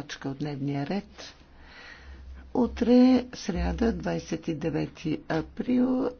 точка от дневния ред. Утре, сряда, 29 април,